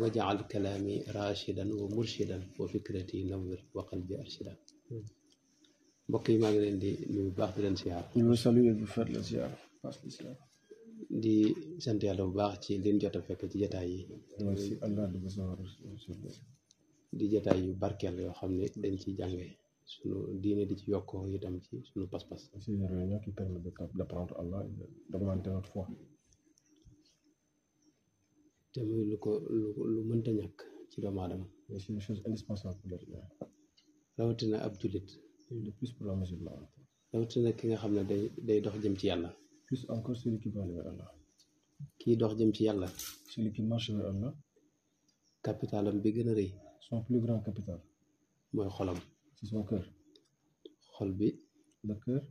wajaal kalaami rachidan wa murshidan wa fikrati nawwir wa qalbi arshidan mbokk yi maa ngi leen di nuyu baax di leen siyaar di sant bu baax ci liñ jota a fekk ci jataay yi di jataay yu barkeel yoo xam ne dañ ci jànge sunu diine di ci yokk itam ci sunu pas-pas te muy lu ko lu lu mënta ñàkk ci doomu aadama. c'est une chose indispensable pour l'être humain. rawatina ab jullit. le plus pour la musulman. rawatina ki nga xam ne day day dox jëm ci yàlla. plus encore celui qui va vers Allah. kii dox jëm ci yàlla. celui qui marche vers Allah. capitalam bi gën a rëy. son plus grand capital. mooy xolam. c'est son cœur. xol bi. le cœur.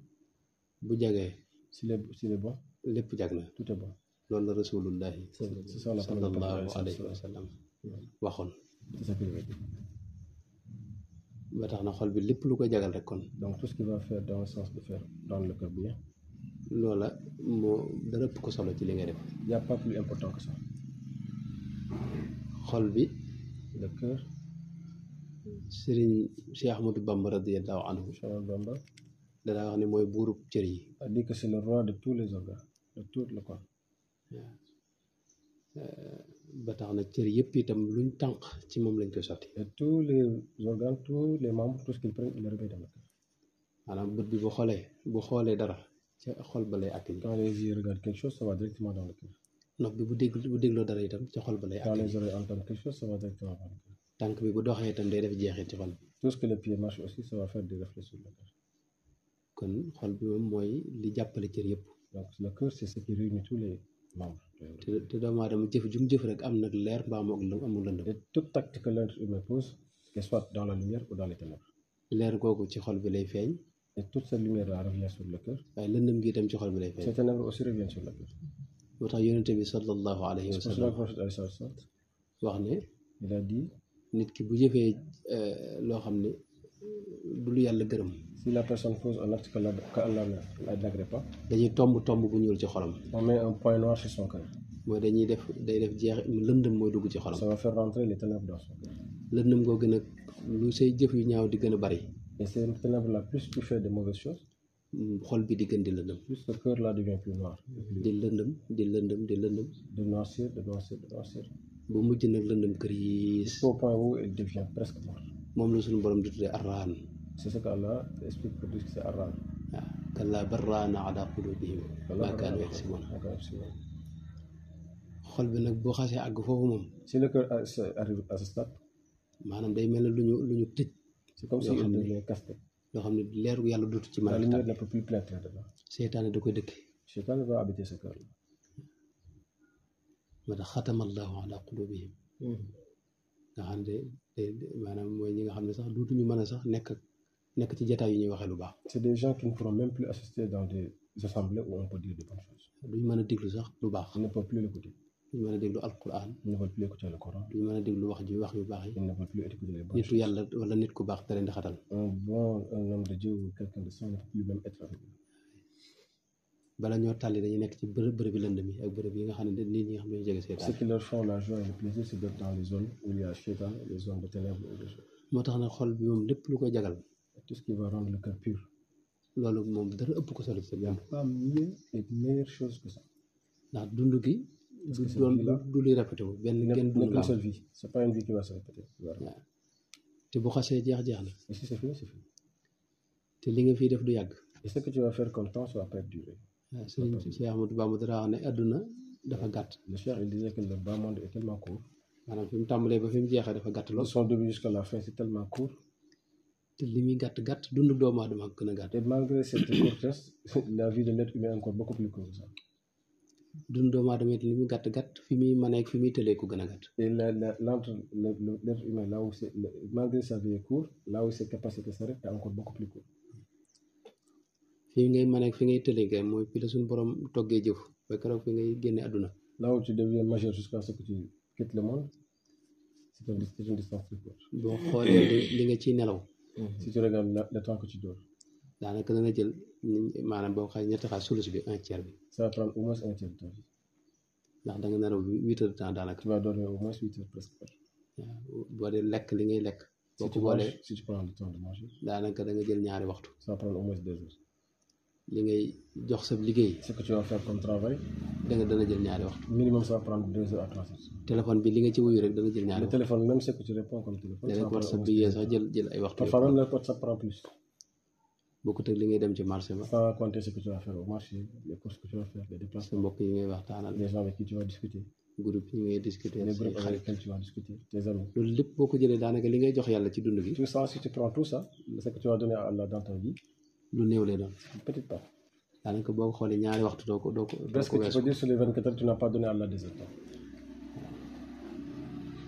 bu jagee. si le si le bon. lépp jag na tout est bon. لول رسول الله صلى الله عليه وسلم واخون ما تخنا خول بي ليپ لوكو جاغال رك كون دونك تو سكي فا فير دون سونس دو فير دون لو كور بيان لولا مو درب كو سولو تي لي غي ديف يا با بلو امبورطون كو سا خول بي لو كور سيرين شيخ احمد بامبر رضي الله عنه شيخ احمد بامبر دا وخني موي بوروب تيري ادي كو سي لو روا دو تو لي زوغا دو تو لو كور ba tax na cër yëpp tam luñ tànq ci moom lañ koy sotti. tous les organes tous les membres tout ce qu'ils prennent il leur koy bi bu xoolee bu xoolee dara ca xol ba lay accueillir. quand les yeux regardent quelque chose ça va directement bu dégg bu itam ca xol ba lay. accueillir quand les oreilles entendent tànk bi bu doxee tam day def jeexee ci xol bi. tout ce que le pied marche aussi le kon xol bi moom mooy li jàppale cër yëpp. donc le cœur c'est ce qui réunit Bon. te te doomu aadama jëf jum jëf rek am na leer mbaa mu ak lu amul lëndëm. et toute acte que l'être humain pose qu'elle soit dans la lumière ou dans les ténèbres. leer googu ci xol bi lay feeñ. et toute cette lumière là revient sur le cœur. waaye lëndëm gi itam ci xol bi lay feeñ. ces ténèbres aussi reviennent sur le cœur. moo tax yonent bi sallallahu alayhi wa sallam wax ne. il a dit. nit ki bu jëfee loo xam ne du lu yàlla gërëm. si la personne pose un acte que Allah n'agrée pas. dañuy tombe tombe bu ñuul ci xolam. on met un point noir sur son cœur. mooy dañuy def day def jeex lëndëm moy dugg ci xolam. ça va faire rentrer les ténèbres dans son cœur. lëndëm goo gën lu say jëf yu ñaaw di gëna bari. et c'est une ténèbre là plus qui fait de mauvaises choses. Mm, xol bi di gën di lëndëm. plus ce cœur là devient plus noir. di lëndëm di lëndëm di lëndëm. de noircir de noircir de noircir. bu mujj nag lëndëm kër yi. au point où il devient presque mort. moom la suñu borom di tuddee arraan. sesekala speak searah ya. kalla barrana ala qulubihim ma kanu yaksibun xol bi nag boo xasee àgg foofu moom Mana la ko mana, ah, à ce stade maanaam day mel ne lu ñu lu ñu tëj c'est comme si on devait casque loo xam ne mana, yàlla dootu ci mën a mana la plus clair dedans mana, da nekk ci jataay yu ñuy waxee lu baax. c'est des gens qui ne pourront même plus assister dans des assemblées où on peut dire de bonnes choses. duñ mën a déglu sax lu baax. ne peuvent plus l'écouter. duñ mën a déglu alquran. ne peuvent plus écouter le Coran. duñ mën a déglu wax ji wax yu baax yi. ne peuvent plus écouter les bonnes choses nitu yàlla wala nit ku baax da leen di xatal. un bon un homme de Dieu ou quelqu'un de saint ne peut plus même être avec lui. bala ñoo tàlli dañuy nekk ci bërëb bërëb yi lëndëm yi ak bërëb yi nga xam ne nit ñi nga xam ñu jege seetaan. ce qui leur font la joie et le plaisir c'est d'être dans les zones où il y a Seytaan les zones de ténèbres moo tax na xol bi moom lépp lu koy jagal tout ce qui va rendre le cœur pur loolu moom dara ëpp ko solo sëñ bi. pas mieux et meilleure chose que ça. ndax dund gi. du doon du luy répété wu benn ngeen dund la seule vie c'est pas une vie qui va se répéter. waaw te bu xasee jeex jeex na. et si c'est fini c'est fini. te li nga fiy def du yàgg. et ce que tu vas faire comme temps ça va pas durer. waaw sëriñ Cheikh Ahmadou Bamba dara wax ne àdduna dafa gàtt. le Cheikh il disait que le bas monde est tellement court. maanaam fi mu tàmbalee ba fi mu jeexee dafa gàtt lool. son début jusqu'à la fin c'est tellement court te li muy gàtt gàtt dundu doomu gën a gàtt. malgré cette courtesse la vie de notre humain encore beaucoup plus courte. dundu doomu aadama it li muy gàtt gàtt fi muy mën fi muy tëlee ko gën a gàtt. et la la l'entre l'être humain là où c'est malgré sa vie est courte là où ses capacités s'arrêtent est encore beaucoup plus courte. fi ngay mën fi ngay tëlee kay mooy fi la suñu borom toggee jëf ba keroog fi ngay génne àdduna. là où tu deviens majeur jusqu'à ce que tu quittes le monde c'est une distance plus courte. boo xoolee li nga ciy nelaw. Mhm. si tu regardes le temps que tu dors. daanaka dana jël maanaam boo xay ñetti xaaj solution bi un bi. ça va prendre au moins un ndax da nga naraw huit heures de temps daanaka. tu vas dormir au moins boo dee lekk li ngay lekk. boo ko boolee si daanaka danga jël ñaari waxtu. ça va prendre li ngay jox sa liggéey. ce que tu vas faire dana jël ñaari waxtu. minimum bi li nga ci wuyu rek dana jël ñaari waxtu. le téléphone même li ngay dem ci marché ba. ça va compter ce loolu lépp boo ko jëlee daanaka li ngay jox yàlla ci dund gi. lu néew lay doon. petite être pas. daanaka boo ko xoolee ñaari waxtu doo ko doo ko. presque tu peux dire sur les 24 heures tu n'as pas donné à Allah des heures.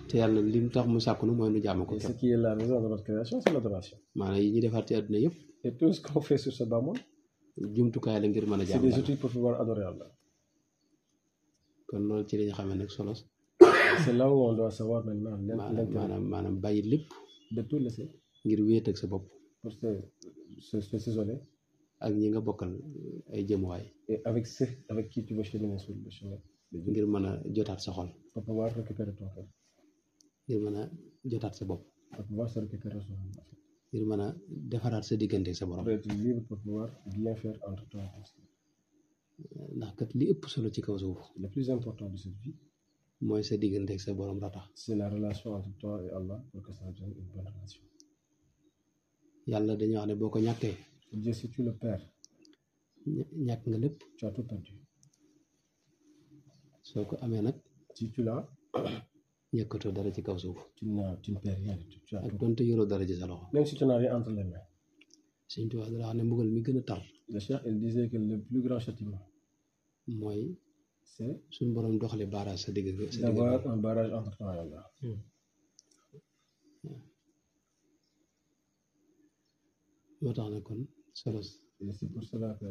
te yàlla li mu tax mu sàkku nu mooy nu jaamu ko. ce qui est la raison de notre création c'est l'adoration. maanaam yi ñuy defar ci àdduna yëpp. et tout ce qu'on fait sur ce bas monde. jumtukaay la ngir mën a. jaamu c'est des outils pour pouvoir adorer Allah. kon loolu ci la ñu xamee nag solo. c'est là où on doit savoir maintenant. maanaam maanaam bàyyi lépp. de tout laisser. ngir wéet ak sa bopp. parce que s'isole ak ñi nga bokkal euh, ay jëmuwaay et avec ceux avec qui tu veux cheminer sur le chemin ngir mën a jotaat sa xol pour pouvoir récupérer ton cœur ngir mën a jotaat sa bopp pour pouvoir se récupérer son âme ngir mën a defaraat sa diggante sa borom être libre pour pouvoir bien faire entre toi et euh, ndax kat li ëpp solo ci kaw suuf le plus important de cette vie mooy sa diggante ak sa borom ratax c'est la relation entre toi et Allah pour que ça devienne une bonne relation yàlla dañuy wax ne boo ko ñàkkee. Dieu si tu ñàkk nga lépp. soo ko amee nag. si tu l'as. ñàkkatoo dara ci kaw suuf. ak donte yoroo dara ci sa loxo. même si tu n'as rien entre les mains. Sëñ Tuubaa dara wax ne mbugal mi gën a tar. le cheikh il disait que le mooy. c'est suñu borom doxali barrage sa digg. sa digg d'avoir moo tax kon solo c'est pour cela que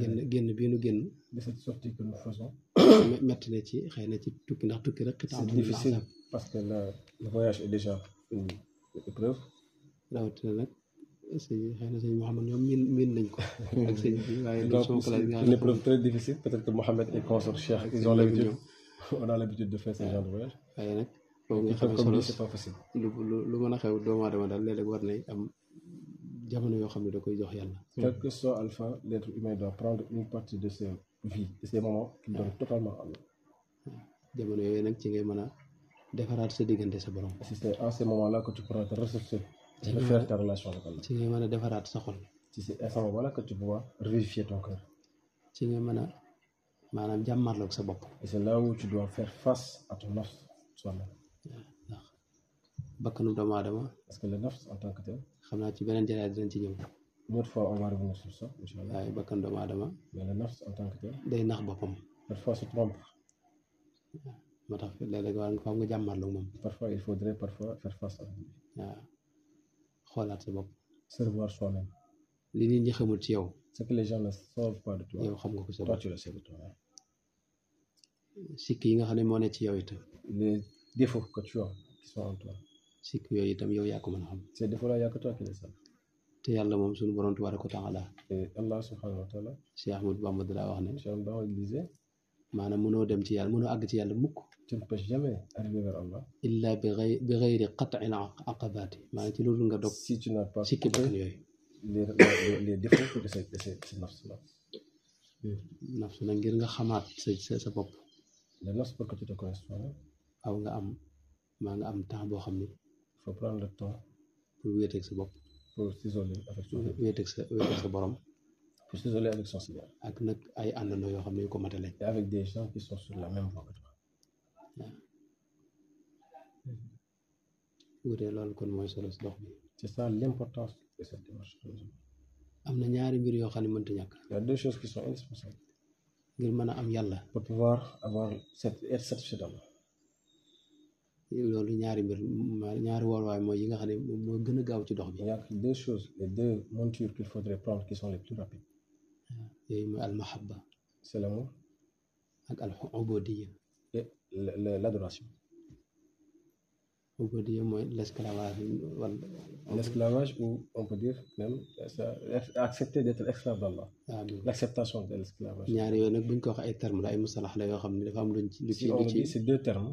génn génn bii nu génn de cette sorte que nous faisons métti na ci xëy na ci tukki ndax tukki rek xitaam c'est difficile parce que le voyage est déjà une épreuve rawatina nag sëñ xëy na sëñ Mouhamed ñoom min min nañ ko ak sëñ bi waaye c'est une épreuve très difficile peut-être que Mouhamed et consort Cheikh ils ont l'habitude on a l'habitude de faire ce genre de voyage waaye nag boobu nga xam ne solo c'est pas facile lu lu lu mën a xew doomu aadama daal léeg-léeg war nay am jamono yoo xam ne da koy jox yàlla. quel que soit alpha l'être humain doit prendre une partie de sa vie et ses moments qui donne totalement à jamono yooyu nag ci ngay mën a defaraat sa diggante sa borom. c'est en ce moment là que tu pourras te ressourcer. ci faire ta relation avec Allah. ci ngay mën a defaraat sa xol. ci c'est à ce moment là que tu pourras revivifier ton cœur. ci ngay mën a maanaam jàmmarloog sa bopp. et c'est là où tu dois faire face à ton nafs toi-même. ndax bakkanu doomu aadama. parce que le nafs en tant que tel xam naa ci beneen jaraay dinañ ci ñëw une autre fois on va revenir sur ça incha allah waaye bakkan doomu aadama mais le nafs en tant que tel day nax boppam parfois se trompe moo tax léeg-léeg war nga fa am nga jàmmarlu moom parfois il faudrait parfois faire face à lui waaw xoolaat sa bopp se revoir soi-même li nit ñi xamul ci yow ce que les gens ne savent pas de toi yow xam nga ko sa bopp tu le sais de toi hein. sikk yi nga xam ne moo ne ci yow itam les défauts que tu as qui sont en toi sikk yooyu itam yow yaa ko a xam. c'est des fois yaa ko toog sax. te yàlla moom suñu borom tabaaraka wa taala. allah subhanahu wa taala. Cheikh Ahmadou Bamba dalaa dem ci yàlla àgg ci yàlla mukk. tu ne peux jamais arriver vers Allah. illa bi xëy bi xëyri qat'il aqabaati ci loolu nga dog. si tu n'as de cette de cette hmm. nafs là. nafsu nag nga xamaat sa sa bopp. le nafs pour que tu maa nga am temps boo xam ni. faut prendre le temps. pour avec sa bop pour s'isoler avec son wéeteeg sa avec sa borom. pour s'isoler avec son Seigneur. ak nak ay andano yo xamné ko matalé et avec des gens qui sont sur la même voie que toi. waaw. wutee loolu kon mooy solo si dox bi. c'est ça l'importance de cette démarche. amna ñaari mbir yo xam ne mënta ñàkk. il y a deux choses qui sont indispensables. ngir mën a am yalla pour pouvoir avoir cette cette loolu ñaari mbir ñaari waruwaay mooy yi nga xam ne moo gën a gaaw ci dox bi. il y a deux choses les deux montures qu'il faudrait prendre qui sont les plus rapides. waaw ah, yooyu mooy almahabba. c'est l'amour. ak al ubudiyya. et l'adoration. ubudiyya mooy l'esclavage wala. l'esclavage ou on peut dire même accepter d'être esclave d'Allah. waaw l'acceptation de l'esclavage. ñaari yooyu nag buñ ko wax ay termes la ay musalax la yoo xam ne dafa am luñ lu ci ci si on dit ces deux termes.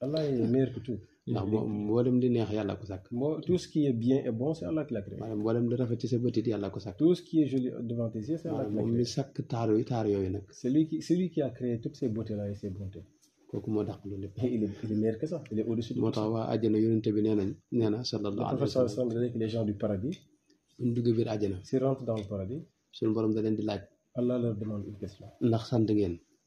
Allah est meilleur que tout ndax mboolem di neex yàlla ko sàkk moo tout ce qui est bien et bon c'est Allah qui l'a créé maanaam mboolem di rafet ci sa bët it yàlla ko sàkk tout ce qui est joli devant tes yeux c'est Allah qui l'a créé moom mi sàkk taaru yi taaru celui qui celui qui a créé toutes ces beautés là et ces bontés kooku moo dàq loolu lépp il est il est meilleur que ça il est au-dessus moo tax waa àjjana yonente bi nee nañ nee na sallallahu alayhi wa sallam les gens du paradis buñ duggee biir àjjana si rentrent dans le paradis suñu borom da leen di laaj Allah leur demande une question ndax sant ngeen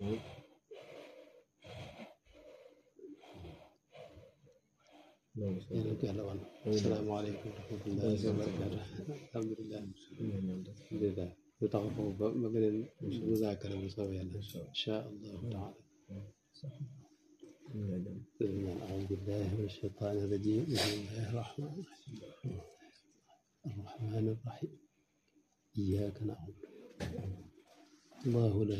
السلام عليكم ورحمة الله وبركاته الحمد لله لله مذاكرة إن شاء الله تعالى أعوذ بالله من الشيطان الرجيم بسم الله الرحمن الرحيم الرحمن الرحيم إياك نعبد الله لا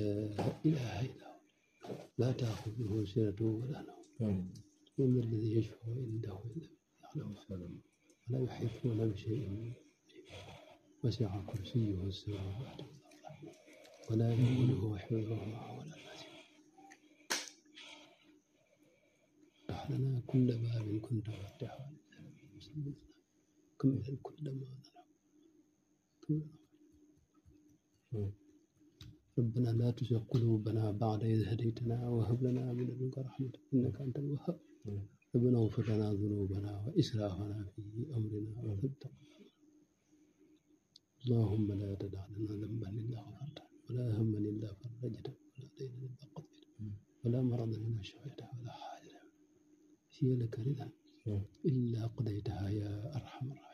إله إلا هو لا تأخذه سنة ولا نوم ومن الذي يشفع عنده إلا يعلم ولا يحيطون بشيء وسع كرسيه السماوات ولا يؤوده حفظهما ولا العزيز افتح لنا كل باب كنت مفتحا كم كل ما نرى ربنا لا تزغ قلوبنا بعد إذ هديتنا وهب لنا من لدنك رحمة إنك أنت الوهاب ربنا اغفر لنا ذنوبنا وإسرافنا في أمرنا وثبت اللهم لا تدع لنا ذنبا إلا غفرته ولا هما إلا فرجته ولا دينا إلا قضيته ولا مرضا إلا شفيته ولا حاجة هي لك رضا نعم. إلا قضيتها يا أرحم الراحمين